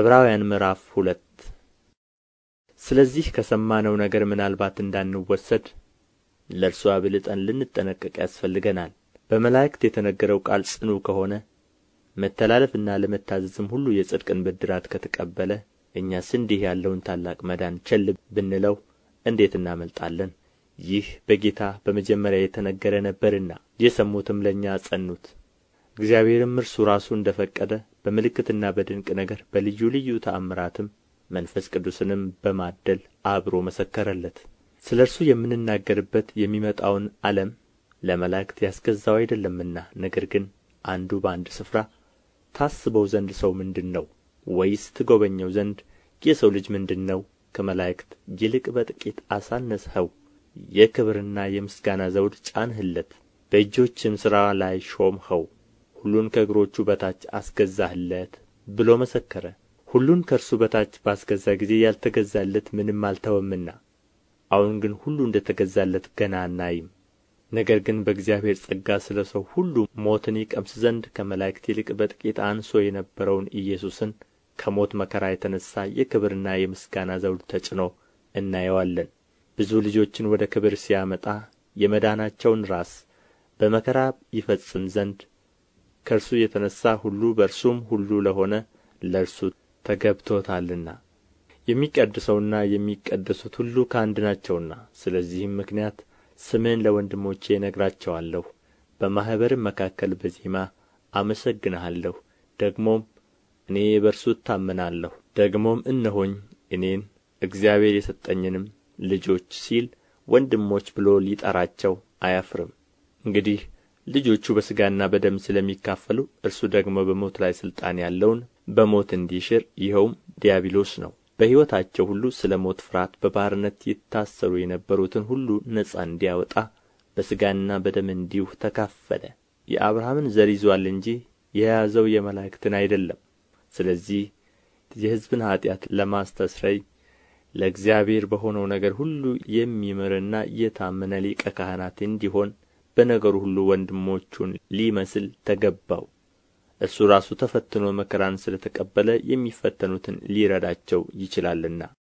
ዕብራውያን ምዕራፍ ሁለት ስለዚህ ከሰማነው ነገር ምናልባት እንዳንወሰድ ለእርሱ አብልጠን ልንጠነቀቅ ያስፈልገናል። በመላእክት የተነገረው ቃል ጽኑ ከሆነ መተላለፍና ለመታዘዝም ሁሉ የጽድቅን ብድራት ከተቀበለ እኛስ እንዲህ ያለውን ታላቅ መዳን ቸል ብንለው እንዴት እናመልጣለን? ይህ በጌታ በመጀመሪያ የተነገረ ነበርና የሰሙትም ለእኛ አጸኑት። እግዚአብሔርም እርሱ ራሱ እንደ ፈቀደ በምልክትና በድንቅ ነገር በልዩ ልዩ ተአምራትም መንፈስ ቅዱስንም በማደል አብሮ መሰከረለት ስለ እርሱ የምንናገርበት የሚመጣውን ዓለም ለመላእክት ያስገዛው አይደለምና ነገር ግን አንዱ በአንድ ስፍራ ታስበው ዘንድ ሰው ምንድን ነው ወይስ ትጎበኘው ዘንድ የሰው ልጅ ምንድን ነው ከመላእክት ይልቅ በጥቂት አሳነስኸው የክብርና የምስጋና ዘውድ ጫንህለት በእጆችም ሥራ ላይ ሾምኸው ሁሉን ከእግሮቹ በታች አስገዛህለት ብሎ መሰከረ ሁሉን ከእርሱ በታች ባስገዛ ጊዜ ያልተገዛለት ምንም አልተወምና አሁን ግን ሁሉ እንደ ተገዛለት ገና አናይም ነገር ግን በእግዚአብሔር ጸጋ ስለ ሰው ሁሉ ሞትን ይቀምስ ዘንድ ከመላእክት ይልቅ በጥቂት አንሶ የነበረውን ኢየሱስን ከሞት መከራ የተነሣ የክብርና የምስጋና ዘውድ ተጭኖ እናየዋለን። ብዙ ልጆችን ወደ ክብር ሲያመጣ የመዳናቸውን ራስ በመከራ ይፈጽም ዘንድ ከእርሱ የተነሣ ሁሉ በእርሱም ሁሉ ለሆነ ለእርሱ ተገብቶታልና የሚቀድሰውና የሚቀደሱት ሁሉ ከአንድ ናቸውና ስለዚህም ምክንያት ስምህን ለወንድሞቼ እነግራቸዋለሁ በማኅበርም መካከል በዜማ አመሰግንሃለሁ ደግሞም እኔ በእርሱ እታመናለሁ ደግሞም እነሆኝ እኔን እግዚአብሔር የሰጠኝንም ልጆች ሲል ወንድሞች ብሎ ሊጠራቸው አያፍርም እንግዲህ ልጆቹ በሥጋና በደም ስለሚካፈሉ እርሱ ደግሞ በሞት ላይ ሥልጣን ያለውን በሞት እንዲሽር ይኸውም ዲያብሎስ ነው በሕይወታቸው ሁሉ ስለ ሞት ፍርሃት በባርነት ይታሰሩ የነበሩትን ሁሉ ነጻ እንዲያወጣ በሥጋና በደም እንዲሁ ተካፈለ። የአብርሃምን ዘር ይዟል እንጂ የያዘው የመላእክትን አይደለም። ስለዚህ የሕዝብን ኀጢአት ለማስተስረይ ለእግዚአብሔር በሆነው ነገር ሁሉ የሚምርና የታመነ ሊቀ ካህናት እንዲሆን በነገሩ ሁሉ ወንድሞቹን ሊመስል ተገባው እርሱ ራሱ ተፈትኖ መከራን ስለ ተቀበለ የሚፈተኑትን ሊረዳቸው ይችላልና